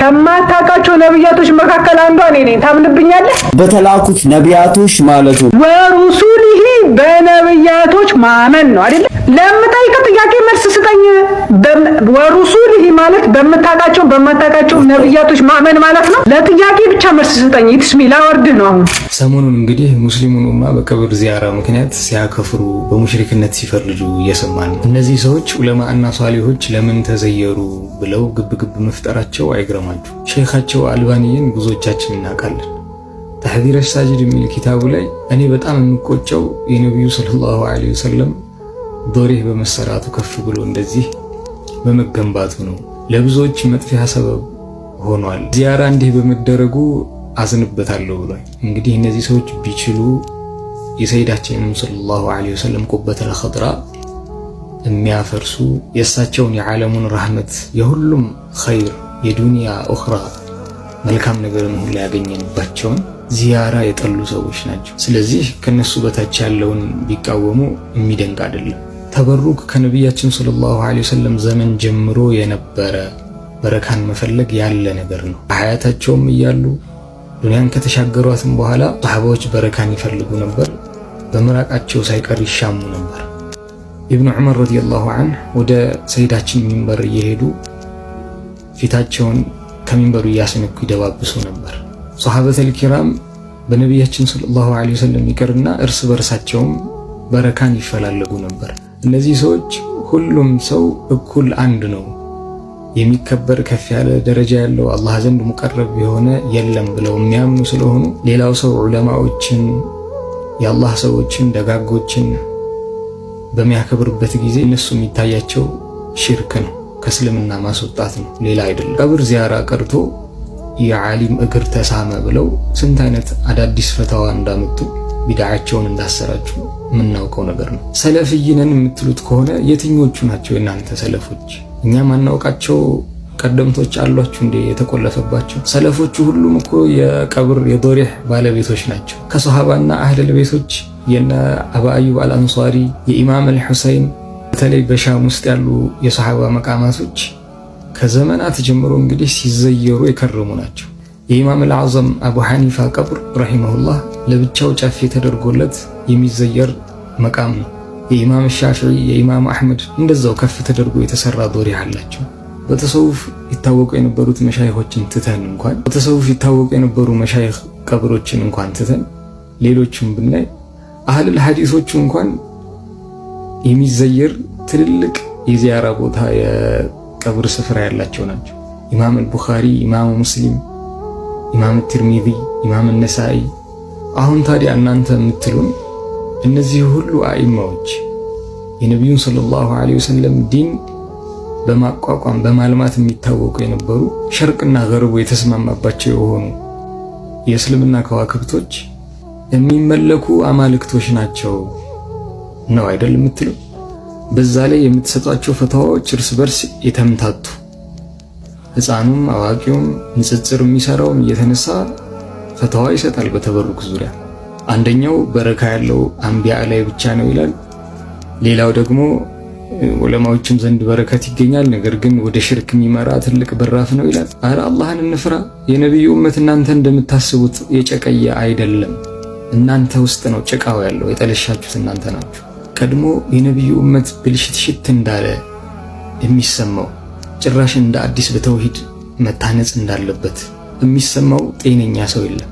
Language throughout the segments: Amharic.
ከማታውቃቸው ነቢያቶች መካከል አንዷ እኔ ነኝ። ታምንብኛለህ? በተላኩት ነቢያቶች ማለቱ ነው። ወሩሱሊሂ በነቢያቶች ማመን ነው አይደለ? ለምጠይቅ ጥያቄ መልስ ስጠኝ። ወሩሱሊሂ ማለት በምታውቃቸው በማታውቃቸው ነቢያቶች ማመን ማለት ነው። ለጥያቄ ብቻ መልስ ስጠኝ። ይትስሚ ላወርድ ነው። አሁን ሰሞኑን እንግዲህ ሙስሊሙን ኡማ በቀብር ዚያራ ምክንያት ሲያከፍሩ በሙሽሪክነት ሲፈርጁ እየሰማን ነው። እነዚህ ሰዎች ዑለማ እና ሷሊሆች ለምን ተዘየሩ ብለው ግብግብ መፍጠራቸው አይግረም ይገርማችሁ ሼካቸው አልባንይን ብዙዎቻችን እናውቃለን። ተሕዚረ ሳጅድ የሚል ኪታቡ ላይ እኔ በጣም የምቆጨው የነቢዩ ሰለላሁ ዐለይሂ ወሰለም ዶሬህ በመሰራቱ ከፍ ብሎ እንደዚህ በመገንባቱ ነው። ለብዙዎች መጥፊያ ሰበብ ሆኗል። ዚያራ እንዲህ በመደረጉ አዝንበታለሁ ብሏል። እንግዲህ እነዚህ ሰዎች ቢችሉ የሰይዳችንም ሰለላሁ ዐለይሂ ወሰለም ቁበተል ኸድራ የሚያፈርሱ የእሳቸውን የዓለሙን ረህመት የሁሉም ኸይር የዱንያ ኡኽራ መልካም ነገርን ሁላ ያገኘንባቸውን ዚያራ የጠሉ ሰዎች ናቸው። ስለዚህ ከነሱ በታች ያለውን ቢቃወሙ የሚደንቅ አይደለም። ተበሩክ ከነቢያችን ሰለላሁ ዐለይሂ ወሰለም ዘመን ጀምሮ የነበረ በረካን መፈለግ ያለ ነገር ነው። በሀያታቸውም እያሉ ዱንያን ከተሻገሯትም በኋላ ሰሐባዎች በረካን ይፈልጉ ነበር። በምራቃቸው ሳይቀር ይሻሙ ነበር። ኢብኑ ዑመር ረዲየላሁ ዐንሁ ወደ ሰይዳችን ሚንበር እየሄዱ ፊታቸውን ከሚንበሩ እያስነኩ ይደባብሱ ነበር። ሶሐበተል ኪራም በነቢያችን ሰለላሁ ዐለይሂ ወሰለም ይቅርና እርስ በርሳቸውም በረካን ይፈላለጉ ነበር። እነዚህ ሰዎች ሁሉም ሰው እኩል አንድ ነው፣ የሚከበር ከፍ ያለ ደረጃ ያለው አላህ ዘንድ ሙቀረብ የሆነ የለም ብለው የሚያምኑ ስለሆኑ ሌላው ሰው ዑለማዎችን፣ የአላህ ሰዎችን፣ ደጋጎችን በሚያከብርበት ጊዜ እነሱ የሚታያቸው ሽርክ ነው። ከእስልምና ማስወጣት ነው፣ ሌላ አይደለም። ቀብር ዚያራ ቀርቶ የዓሊም እግር ተሳመ ብለው ስንት አይነት አዳዲስ ፈተዋ እንዳመጡ ቢዳቸውን እንዳሰራችሁ የምናውቀው ነገር ነው። ሰለፍይነን የምትሉት ከሆነ የትኞቹ ናቸው የእናንተ ሰለፎች? እኛ ማናውቃቸው ቀደምቶች አሏችሁ እንዴ? የተቆለፈባቸው ሰለፎቹ ሁሉም እኮ የቀብር የዶሪህ ባለቤቶች ናቸው። ከሶሃባና አህለል ቤቶች የነ አባ አልአንሷሪ የኢማም አልሑሰይን በተለይ በሻም ውስጥ ያሉ የሰሃባ መቃማቶች ከዘመናት ጀምሮ እንግዲህ ሲዘየሩ የከረሙ ናቸው። የኢማም አልአዘም አቡ ሐኒፋ ቀብር ረሂመሁላህ ለብቻው ጨፌ ተደርጎለት የሚዘየር መቃም ነው። የኢማም ሻፊዒ፣ የኢማም አሕመድ እንደዛው ከፍ ተደርጎ የተሰራ ዶሪ አላቸው። በተሰውፍ ይታወቁ የነበሩት መሻይኾችን ትተን እንኳን በተሰውፍ ይታወቁ የነበሩ መሻይኽ ቀብሮችን እንኳን ትተን ሌሎችም ብናይ አህልል ሐዲሶቹ እንኳን የሚዘየር ትልልቅ የዚያራ ቦታ የቀብር ስፍራ ያላቸው ናቸው። ኢማም አልቡኻሪ፣ ኢማም ሙስሊም፣ ኢማም ትርሚዚ፣ ኢማም ነሳኢ። አሁን ታዲያ እናንተ የምትሉን እነዚህ ሁሉ አኢማዎች የነቢዩን ሰለላሁ ዐለይሂ ወሰለም ዲን በማቋቋም በማልማት የሚታወቁ የነበሩ ሸርቅና ገርቡ የተስማማባቸው የሆኑ የእስልምና ከዋክብቶች የሚመለኩ አማልክቶች ናቸው። ነው አይደል የምትለው? በዛ ላይ የምትሰጣቸው ፈተዋዎች እርስ በርስ የተምታቱ ህፃኑም አዋቂውም ንጽጽር የሚሰራውም እየተነሳ ፈተዋ ይሰጣል። በተበሩክ ዙሪያ አንደኛው በረካ ያለው አንቢያ ላይ ብቻ ነው ይላል። ሌላው ደግሞ ዑለማዎችም ዘንድ በረከት ይገኛል፣ ነገር ግን ወደ ሽርክ የሚመራ ትልቅ በራፍ ነው ይላል። አረ አላህን እንፍራ። የነቢዩ እመት እናንተ እንደምታስቡት የጨቀየ አይደለም። እናንተ ውስጥ ነው ጭቃው ያለው። የጠለሻችሁት እናንተ ናችሁ። ቀድሞ የነቢዩ እመት ሽት እንዳለ የሚሰማው ጭራሽ እንደ አዲስ በተውሂድ መታነጽ እንዳለበት የሚሰማው ጤነኛ ሰው የለም።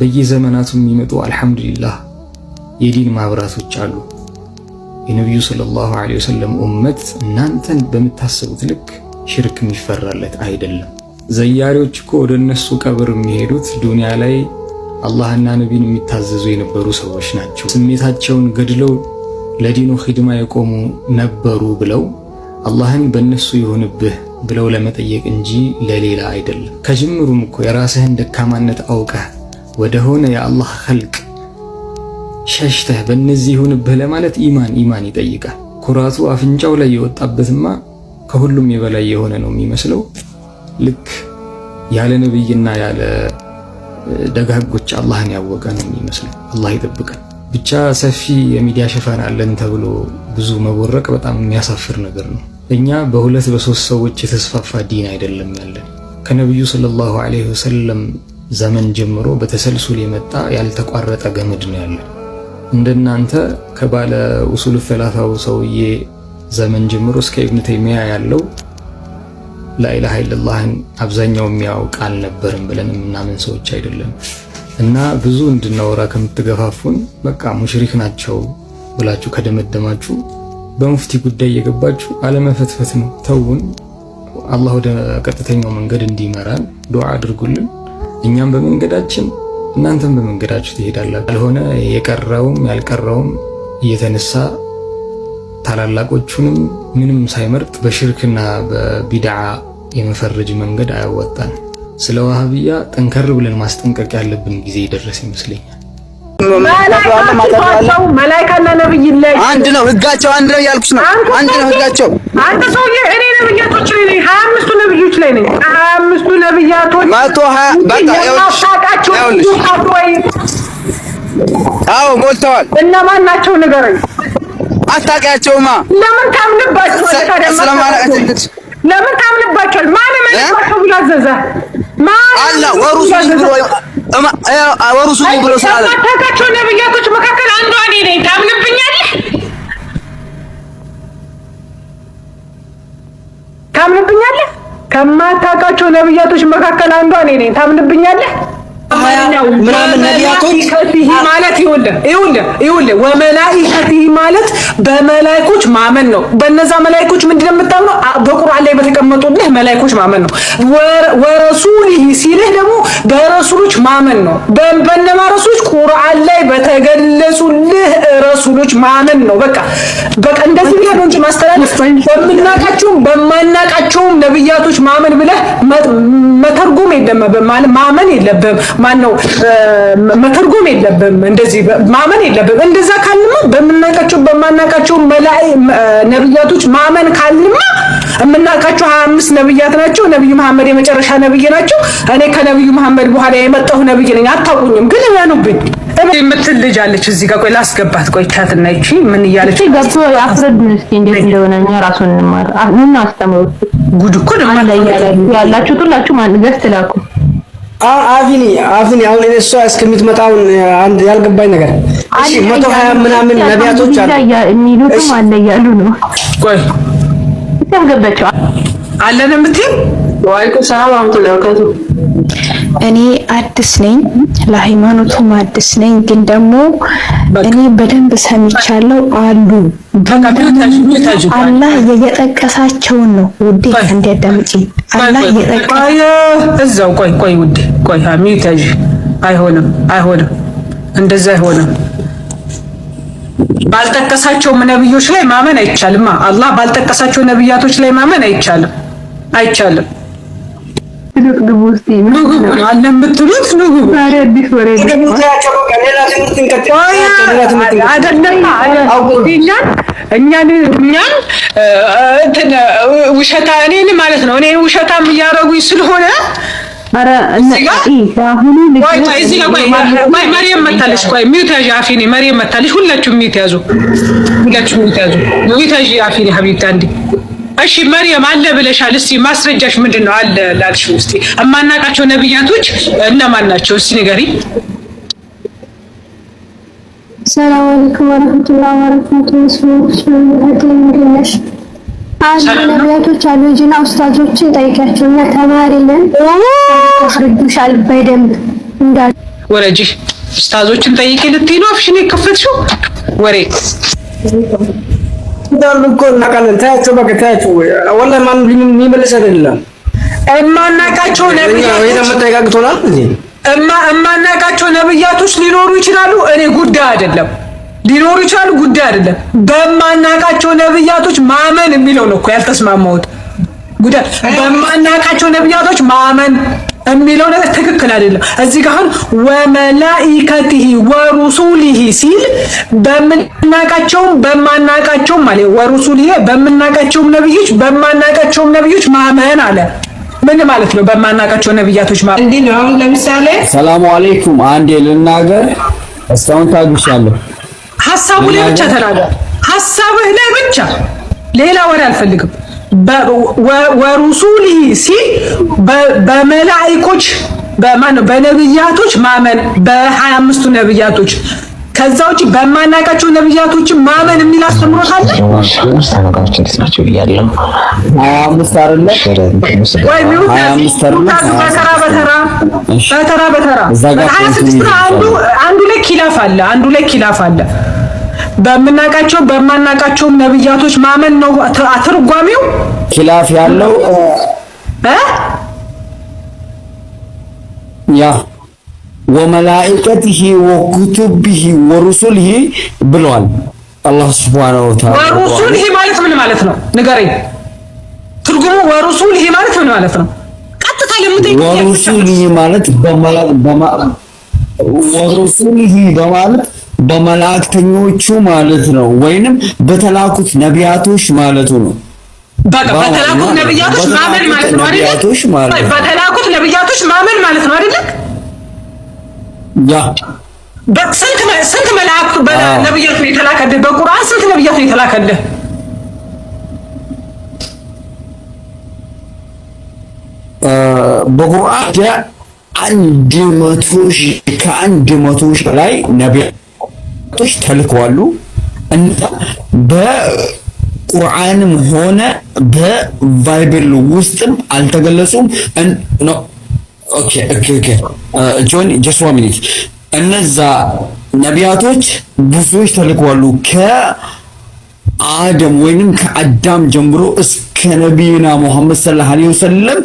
በየዘመናቱ የሚመጡ አልሐምዱሊላህ የዲን ማብራቶች አሉ። የነቢዩ ሰለላሁ ዐለይሂ ወሰለም ኡመት እናንተን በምታስቡት ልክ ሽርክ የሚፈራለት አይደለም። ዘያሪዎች እኮ ወደ እነሱ ቀብር የሚሄዱት ዱንያ ላይ አላህና ነቢን የሚታዘዙ የነበሩ ሰዎች ናቸው። ስሜታቸውን ገድለው ለዲኑ ሂድማ የቆሙ ነበሩ ብለው አላህን በእነሱ ይሁንብህ ብለው ለመጠየቅ እንጂ ለሌላ አይደለም። ከጅምሩም እኮ የራስህን ደካማነት አውቀህ ወደሆነ የአላህ ኸልቅ ሸሽተህ በእነዚህ ይሁንብህ ለማለት ኢማን ኢማን ይጠይቃል። ኩራቱ አፍንጫው ላይ የወጣበትማ ከሁሉም የበላይ የሆነ ነው የሚመስለው። ልክ ያለ ነብይና ያለ ደጋጎች አላህን ያወቀ ነው የሚመስለው። አላህ ይጠብቀን። ብቻ ሰፊ የሚዲያ ሽፋን አለን ተብሎ ብዙ መቦረቅ በጣም የሚያሳፍር ነገር ነው። እኛ በሁለት በሶስት ሰዎች የተስፋፋ ዲን አይደለም ያለን። ከነቢዩ ሰለላሁ ዐለይሂ ወሰለም ዘመን ጀምሮ በተሰልሱል የመጣ ያልተቋረጠ ገመድ ነው ያለን። እንደናንተ ከባለ ኡሱል ፈላታው ሰውዬ ዘመን ጀምሮ እስከ ኢብኑ ተይሚያ ያለው ላኢላሃ ኢለላህን አብዛኛው የሚያውቅ አልነበርም ብለን የምናምን ሰዎች አይደለም። እና ብዙ እንድናወራ ከምትገፋፉን በቃ ሙሽሪክ ናቸው ብላችሁ ከደመደማችሁ በሙፍቲ ጉዳይ እየገባችሁ አለመፈትፈት ነው። ተውን። አላህ ወደ ቀጥተኛው መንገድ እንዲመራን ዱዓ አድርጉልን። እኛም በመንገዳችን እናንተም በመንገዳችሁ ትሄዳላችሁ። ያልሆነ የቀረውም ያልቀረውም እየተነሳ ታላላቆቹንም ምንም ሳይመርጥ በሽርክና በቢድዓ የመፈረጅ መንገድ አያወጣን። ስለ ዋህብያ ጠንከር ብለን ማስጠንቀቅ ያለብን ጊዜ ይደረስ ይመስለኛል። መላይካና ነብይ ይለያል። አንድ ነው ህጋቸው፣ አንድ ነው ያልኩሽ ነው። አንድ ነው ህጋቸው። አንተ ሰውዬ እኔ ነብያቶች ላይ ነኝ፣ ሀያ አምስቱ ነብዮች ላይ ነኝ። ከሀያ አምስቱ ነብያቶች መቶ ሀያ በቃ ታውቃቸው። አዎ ሞልተዋል። እነማን ናቸው ንገረኝ። አታውቂያቸውማ። ለምን ታምንባቸዋለህ? ለምን ታምንባቸዋለህ? ማን መለባቸው ብሎ አዘዘ? አላ ብሎ ብሎ ስላለ ነብያቶች መካከል አንዷ እኔ ነኝ። ታምንብኛለህ? ታምንብኛለህ? ከማታውቃቸው ነብያቶች መካከል አንዷ እኔ ነኝ። ታምንብኛለህ? ምናምን ነቢያቶች ማለት ይኸውልህ ወመላኢከቲሂ ማለት በመላይኮች ማመን ነው። በነዛ መላይኮች ምንድን ነው የምታምነው? በቁርአን ላይ በተቀመጡልህ መላይኮች ማመን ነው። ወረሱሊሂ ሲልህ ደግሞ በረሱሎች ማመን ነው። በነማ ረሱሎች? ቁርአን ላይ በተገለጹልህ ረሱሎች ማመን ነው። በቃ በቃ እንደዚህ ብለህ ነው እንጂ ማስተላለፍ በምናቃቸውም በማናቃቸውም ነብያቶች ማመን ብለህ መተርጎም የለም ማመን የለብህም። ማነው መተርጎም የለብም እንደዚህ ማመን የለብም። እንደዛ ካልማ በምናውቃቸው በማናውቃቸው ነብያቶች ማመን ካልማ የምናውቃቸው ሀያ አምስት ነብያት ናቸው። ነብዩ መሐመድ የመጨረሻ ነብይ ናቸው። እኔ ከነብዩ መሐመድ በኋላ የመጣሁ ነብይ ነኝ። አታውቁኝም፣ ግን እመኑብኝ የምትል ልጅ አለች እዚህ ጋር። ቆይ ላስገባት። ቆይ ቻት እና ይቺ ምን እያለች ገብቶ አስረዱን እስኪ እንዴት እንደሆነ እኛ ራሱን እንማር። ምን አስተምሩት። ጉድ እኮ ደማ ያላችሁት ሁላችሁ ማን ገዝት ላኩ አቪኒ አቪኒ አሁን እኔ እሷ እስከምትመጣውን አንድ ያልገባኝ ነገር እሺ፣ 120 ምናምን ነቢያቶች አሉ የሚሉትም አለ እያሉ ነው። ቆይ ያልገባቸው አለን የምትይው ዋይቁ ሰላም አምጡ ለውቀቱ እኔ አዲስ ነኝ፣ ለሃይማኖቱም አዲስ ነኝ። ግን ደግሞ እኔ በደንብ ሰምቻለሁ አሉ አላህ የጠቀሳቸውን ነው ውዴ፣ እንዲያዳምጪ አላህ የጠቀሳቸው እዛው ቆይ ቆይ ውዴ ቆይ ሚዩት ያዥ። አይሆንም፣ አይሆንም፣ እንደዛ አይሆንም። ባልጠቀሳቸውም ነብዮች ላይ ማመን አይቻልማ። አላህ ባልጠቀሳቸው ነብያቶች ላይ ማመን አይቻልም፣ አይቻልም። ግቡ ለምትሉት ንጉቡ እኛን እኛን እንትን ውሸታ እኔን ማለት ነው እኔ ውሸታም እያደረጉኝ ስለሆነ መሪየም መታለሽ። ቆይ ሚውት ያዥ አፊኒ መሪየም መታለሽ። ሁላችሁም ሚውት ያዙ፣ ሁላችሁም ሚውት ያዙ። ሚውት ያዥ አፊኒ ሀቢብቲ አንዴ። እሺ መሪየም አለ ብለሻል። እስቲ ማስረጃሽ ምንድን ነው? አለ ላልሽው እስቲ የማናቃቸው ነብያቶች እነማን ናቸው? እስቲ ንገሪ። ሰላም አለይኩም ወረህመቱላሂ ወበረካቱህ። አንድ ነቢያቶች አሉ እንጂና ኡስታዞችን ጠይቂያቸው እና ተማሪ ነን አስረዱሻል በደንብ እንዳሉ ወረጂ ኡስታዞችን ጠይቂ ልትይ ነው አፍሽን የከፈትሽው ወሬ ዳሉ እኮ እናውቃለን ታያቸው በቃ ታያቸው ወላሂ ማንም የሚመልስ አይደለም እማናቃቸው ነብያቶች እማናቃቸው ነብያቶች ሊኖሩ ይችላሉ እኔ ጉዳይ አይደለም ሊኖሩ ይችላሉ። ጉዳይ አይደለም። በማናቃቸው ነብያቶች ማመን የሚለው ነው እኮ ያልተስማማሁት። ጉዳይ በማናቃቸው ነብያቶች ማመን የሚለው ነገር ትክክል አይደለም። እዚህ ጋር አሁን ወመላኢከቲሂ ወሩሱሊሂ ሲል በምናቃቸውም በማናቃቸውም አለ። ወሩሱሊሂ በምናቃቸውም ነብዮች በማናቃቸውም ነብዮች ማመን አለ። ምን ማለት ነው? በማናቃቸው ነብያቶች ማመን እንዴ ነው? አሁን ለምሳሌ ሰላሙ አለይኩም አንዴ ልናገር። እስካሁን ታግሻለሁ። ሀሳቡ ላይ ብቻ ተናገር። ሀሳብህ ላይ ብቻ ሌላ ወሬ አልፈልግም። ወሩሱሊ ሲል በመላይኮች በማን በነብያቶች ማመን በሀያ አምስቱ ነብያቶች ከዛ ውጭ በማናቃቸው ነብያቶች ማመን የሚል አስተምሮት አለ። ነገሮች እንዴት ናቸው ብያለሁ። በተራ በተራ አንዱ ላይ ኪላፍ አለ። አንዱ ላይ ኪላፍ አለ በምናቃቸው በማናቃቸው ነብያቶች ማመን ነው አትርጓሚው። ኪላፍ ያለው ያ ወመላኢከቲሂ ወኩቱብሂ ወሩሱልሂ ብሏል። አላህ ሱብሓነሁ ወተዓላ ወሩሱልሂ ማለት ምን ማለት ነው? ንገረኝ ትርጉሙ። ወሩሱልሂ ማለት ምን ማለት ነው? ቀጥታ ለምትይ ወሩሱልሂ ማለት በማለት በማ ወሩሱልሂ በማለት በመላእክተኞቹ ማለት ነው፣ ወይንም በተላኩት ነቢያቶች ማለቱ ነው። በተላኩት ነቢያቶች ማመን ማለት ነው አይደል? በተላኩት ነቢያቶች ማመን ማለት ነው አይደል? ያ በስንት ስንት ነው የተላከልህ? በቁርአን ስንት ነቢያት ነው የተላከልህ? በቁርአን አንድ መቶ ሺህ ከአንድ መቶ ሺህ ላይ ነቢያት ጦች ተልከዋሉ እንዳ በቁርአንም ሆነ በባይብል ውስጥም አልተገለጹም። ነው ኦኬ ኦኬ ኦኬ ጆን ጀስት ዋን ሚኒት እነዛ ነቢያቶች ብዙዎች ተልከዋሉ ከአደም ወይንም ከአዳም ጀምሮ እስከ ነቢዩና ሙሐመድ ሰለላሁ ዐለይሂ ወሰለም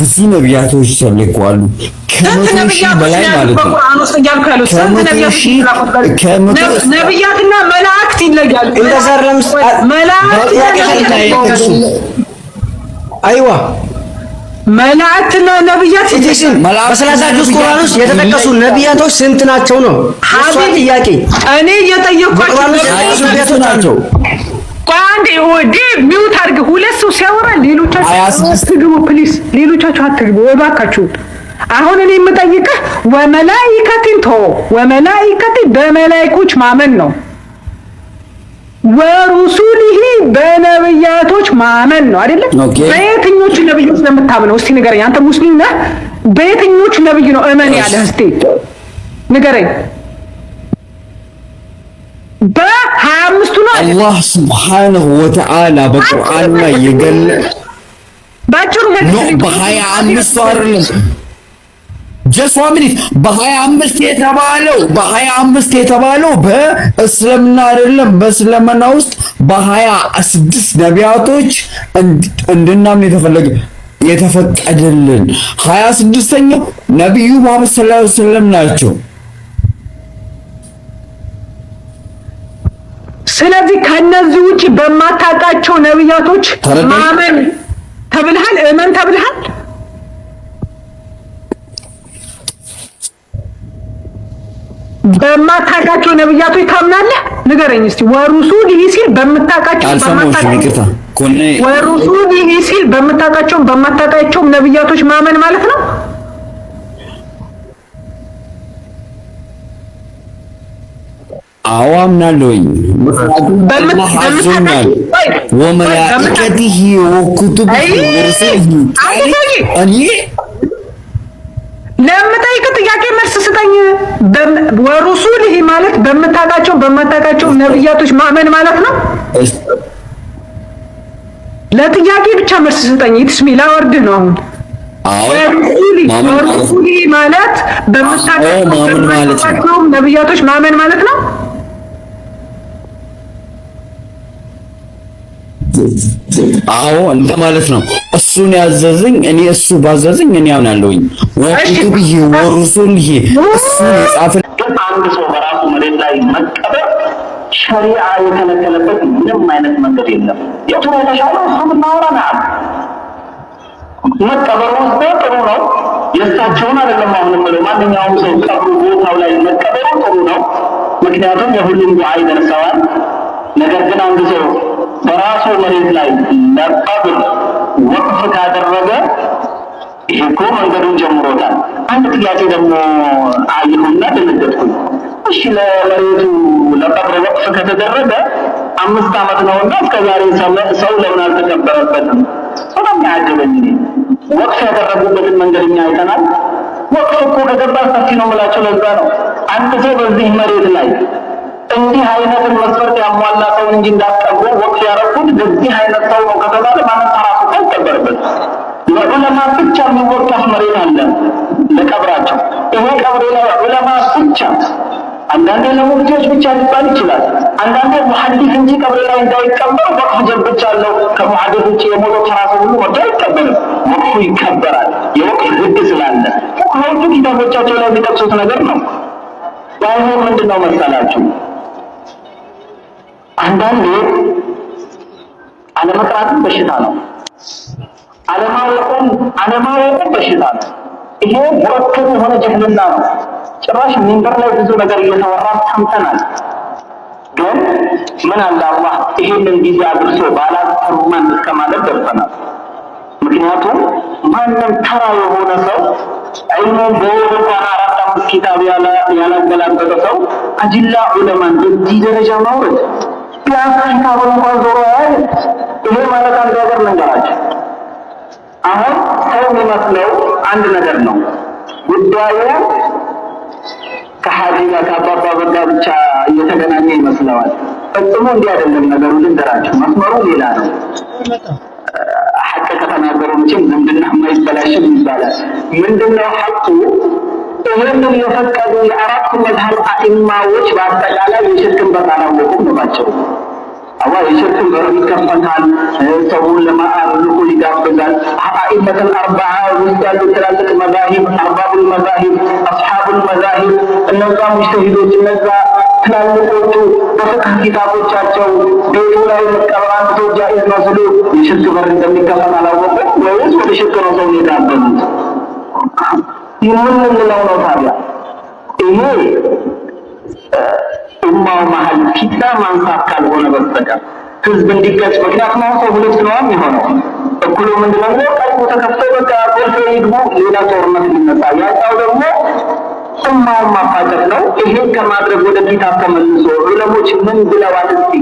ብዙ ነቢያቶች ተልከዋል። ከመቶ ሺህ በላይ ማለት ነው። ነቢያትና መላእክት ይለያል። አይዋ መላእክትና ነቢያት በሰላሳ ቅዱስ ቁርአን ውስጥ የተጠቀሱ ነቢያቶች ስንት ናቸው ነው እሷ ጥያቄ። እኔ እየጠየኳቸው ነቢያቶች ናቸው። ሚውት ሁለት ሰው ሲያወራ ሌሎቻችሁ አትግቡ፣ ፕሊስ ሌሎቻችሁ አትግቡ እባካችሁ። አሁን እኔ የምጠይቅህ ወመላይከቲን ተወ፣ ወመላይከቲ በመላይኮች ማመን ነው። ወሩሱሊሂ በነብያቶች ማመን ነው አይደለም። በየትኞቹ ነብዮች ነው የምታምነው? እስቲ ንገረኝ። አንተ ሙስሊም ነህ፣ በየትኞቹ ነብይ ነው እመን ያለህ? እስቲ ንገረኝ። በሀያ አምስቱ ነው አላህ ስብሓንሁ ወተዓላ በቁርአን ላይ የገለ ባጭሩ በሀያ አምስቱ አይደለም ጀስዋ ሚኒት በሀያ አምስት የተባለው በሀያ አምስት የተባለው በእስልምና አይደለም። በእስልምና ውስጥ በሀያ ስድስት ነቢያቶች እንድናምን የተፈለገ የተፈቀደልን ሀያ ስድስተኛው ነቢዩ መሐመድ ሰለላሁ ዐለይሂ ወሰለም ናቸው። ስለዚህ ከነዚህ ውጭ በማታውቃቸው ነብያቶች ማመን ተብልሃል፣ እመን ተብልሃል። በማታውቃቸው ነብያቶች ታምናለህ? ንገረኝ እስቲ። ወሩሱሊሂ ሲል በምታውቃቸው ወሩሱሊሂ ሲል በምታውቃቸውም በማታውቃቸውም ነብያቶች ማመን ማለት ነው። አዎ አምናለሁኝ። ምክንያቱም ወኩቱብ እኔ ለምጠይቅ ጥያቄ መልስ ስጠኝ። ማለት በምታውቃቸው በማታውቃቸው ነብያቶች ማመን ማለት ነው። ለጥያቄ ብቻ መልስ ስጠኝ። ነው አሁን ማለት በምታውቃቸው ነብያቶች ማመን ማለት ነው። አዎ እንደ ማለት ነው። እሱን ያዘዘኝ እኔ እሱ ባዘዘኝ እኔ አምናለሁኝ። ወቅቱ ብዬ ወርሱን ይሄ እሱ የጻፈ አንድ ሰው በራሱ መሬት ላይ መቀበር ሸሪዓ የተለከለበት ምንም አይነት መንገድ የለም። የቱ ነው የተሻለው? እሱ ምናወራ መቀበር መቀበሩ ውስጥ ጥሩ ነው። የእሳቸውን አይደለም አሁን የምለው ማንኛውም ሰው ቀብሩ ቦታው ላይ መቀበሩ ጥሩ ነው። ምክንያቱም የሁሉም ዱዓ ይደርሰዋል። ነገር ግን አንድ ሰው በራሱ መሬት ላይ ለቀብር ወቅፍ ካደረገ ይሄ እኮ መንገዱን ጀምሮታል። አንድ ጥያቄ ደግሞ አየሁና ደነገጥኩኝ። እሺ ለመሬቱ ለቀብር ወቅፍ ከተደረገ አምስት ዓመት ነውና እስከ ዛሬ ሰው ለምን አልተቀበረበትም? በጣም ያገበኝ ወቅፍ ያደረጉበትን መንገድኛ አይተናል። ወቅፍ እኮ ከገባ ሰፊ ነው የምላቸው ለዛ ነው። አንድ ሰው በዚህ መሬት ላይ እንዲህ አይነትን መስፈርት ያሟላ ሰውን እንጂ እንዳስቀብሮ ወቅት ያረኩት በዚህ አይነት ሰው ነው ከተባለ ማለት ራሱ አይቀበርበት። ለዑለማ ብቻ የሚወቀፍ መሬት አለ ለቀብራቸው። ይሄ ቀብሬ ላይ ዑለማ ብቻ አንዳንዴ ለሙፍቲዎች ብቻ ሊባል ይችላል። አንዳንዴ ሙሐዲስ እንጂ ቀብሬ ላይ እንዳይቀበር ወቅፍ ጀብቻለሁ። ከሙሐዲስ ውጭ የሞተ ከራሱ ሁሉ ወደ አይቀበልም። ወቅፉ ይከበራል። የወቅፍ ህግ ስላለ ሁለቱ ኪታቦቻቸው ላይ የሚጠቅሱት ነገር ነው። ባይሆን ምንድን ነው መሰላችሁ አንዳንዴ አለመቅራትም በሽታ ነው። አለማወቁም አለማወቁም በሽታ ነው። ይሄ ሙረከብ የሆነ ጀህልና ነው። ጭራሽ ሚንበር ላይ ብዙ ነገር እየተወራ ሰምተናል። ግን ምን አለ አላህ ይሄንን ጊዜ አድርሶ ባላሰማን እስከ ማለት ደርሰናል። ምክንያቱም ማንም ተራ የሆነ ሰው አይኑ በወር እንኳን አራት አምስት ኪታብ ያላገላበጠ ሰው አጅላ ዑለማን በዚህ ደረጃ ማውረድ ቢያንስ ኪታብ እንኳን ዞሮ ያህል ይሄ ማለት አንድ ነገር መንገራቸው አሁን ሰው የሚመስለው አንድ ነገር ነው። ጉዳዩ ከሀዲ ከአባባ በጋ ብቻ እየተገናኘ ይመስለዋል። ፈጽሞ እንዲህ አይደለም ነገሩ። ልንገራቸው፣ መስመሩ ሌላ ነው። ሀቅ ከተናገሩ መቼም ዝምድና የማይበላሽም ይባላል። ምንድነው ሐቁ? ይህንን የፈቀዱ የአራቱ መዝሀብ አኢማዎች በአጠቃላይ የሽርክን በር አላወቁም ናቸው። አላህ የሽርክን በር ይከፈታል፣ ሰውን ለማአምልኩ ይጋብዛል። አኢመተል አርባ ውስጥ ያሉ ትላልቅ መዛሂብ፣ አርባቡል መዛሂብ፣ አስሓቡል መዛሂብ እነዛ ሙጅተሂዶች እነዛ ትላልቆቹ በፍቅህ ኪታቦቻቸው ቤቱ ላይ መቀበር አንስቶ ጃኢዝ ነው ሲሉ የሽርክ በር እንደሚከፈት አላወቁም ወይስ ወደ ሽርክ ነው ሰው አገኙት? የምንለው ነው። ታዲያ ይሄ ኡማው መሀል ፊትና ማንሳት ካልሆነ በስተቀር ህዝብ እንዲገጭ ምክንያት ነው። ሰው ሁለት ነው የሚሆነው እኩሉ ምንድነው ነው ቀልቡ ተከፍቶ በቃ ጎልቶ ይግቡ፣ ሌላ ጦርነት ሊነሳ ያጣው ደግሞ ኡማውን ማፋጠጥ ነው። ይሄን ከማድረግ ወደ ኪታብ ተመልሶ ዑለሞች ምን ብለዋል እስቲ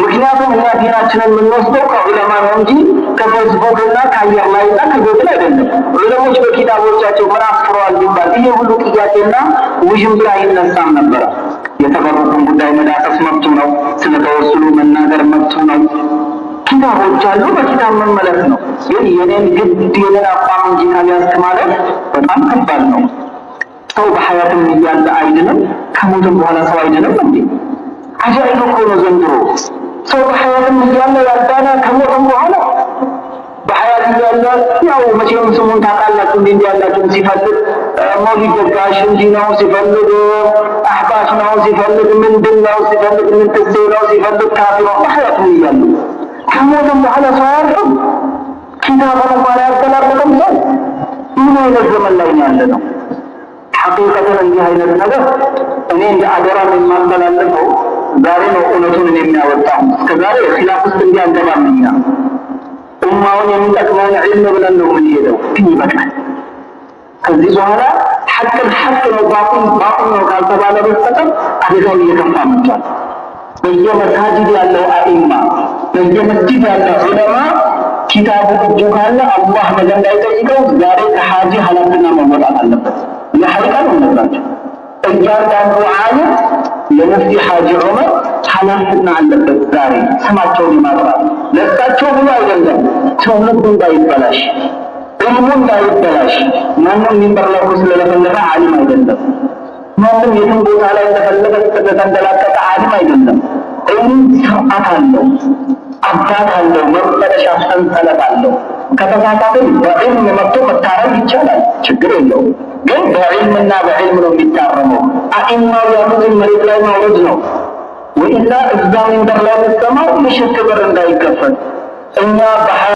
ምክንያቱም እኛ ዲናችንን የምንወስደው ከዑለማ ነው እንጂ ከፌስቡክ እና ከአየር ላይ እና ከጎግል አይደለም። ዑለሞች በኪታቦቻቸው ምን አስፍረዋል ቢባል ይሄ ሁሉ ጥያቄና ውዥንብር አይነሳም ነበረ። የተመረጡን ጉዳይ መዳሰስ መብቱ ነው። ስለ ተወስሉ መናገር መብቱ ነው። ኪታቦች አሉ፣ በኪታብ መመለስ ነው። ግን የኔን ግድ የኔን አቋም እንጂ ካልያዝክ ማለት በጣም ከባድ ነው። ሰው በሀያትም እያለ አይድንም፣ ከሞትም በኋላ ሰው አይድንም እንዴ? አጃኢብ እኮ ነው ዘንድሮ ሰው በሀያትም እያለ ያዳነ ከሞተም በኋላ በሀያት እያለ ያው መቼም ስሙን ታውቃላችሁ። እንዲ እንዲ ያላችሁም ሲፈልግ መውሊድ ደጋሽ እንዲ ነው፣ ሲፈልግ አህባሽ ነው፣ ሲፈልግ ምንድን ነው፣ ሲፈልግ ምንትሴ ነው፣ ሲፈልግ ካፊሮ በሐያትም እያለ ከሞተም በኋላ ሰው አያርፍም? ኪታብን እንኳን አያገላበጥም። ሰው ምን አይነት ዘመን ላይ ነው ያለ ነው? ሐቂቀትን እንዲህ አይነት ነገር እኔ እንደ አደራ የማስተላልፈው ዛሬ ነው እውነቱን የሚያወጣው። እስከዛሬ ኪላፍ ውስጥ እንዲያገባም እኛ ኡማውን የሚጠቅመውን ዒልም ብለን ነው የምንሄደው። ግን ይበቃል። ከዚህ በኋላ ሐቅን ሐቅ ነው ባቁም ባቁም ነው ካልተባለ በስተቀር አደጋው እየከፋ መጥቷል። በየመሳጅድ ያለው አኢማ፣ በየመስጅድ ያለው ዑለማ ኪታቡ እጁ ካለ አላህ መጀመሪያ ይጠይቀው። ዛሬ ከሐጂ ኃላፊና መወጣት አለበት። ይህ ነው ነግራቸው እያንዳንዱ አለት የሙፍቲ ሐጂ ዑመር ኃላፊነት አለበት። ዛሬ ስማቸውን የማጥራት ለእሳቸው ብሎ አይደለም፣ ትውልዱ እንዳይበላሽ፣ እልሙ እንዳይበላሽ። ማንም የሚበላው ስለለፈለፈ አሊም አይደለም። ማንም የትም ቦታ ላይ ተፈለገ ስለተንደላቀቀ አሊም አይደለም። እልም ስርዓት አለው፣ አባት አለው፣ መመለሻ ሰንሰለት አለው። ከተሳሳተ በእልም መጥቶ መታረም ይቻላል፣ ችግር የለውም። ግን በዕልምና በዕልም ነው የሚታረመው። አኢማው ያሉትን መሬት ላይ ማውረድ ነው። ወኢላ እዛ ሚንበር ላይ የምትሰማው ምሽት ክብር እንዳይከፈል እኛ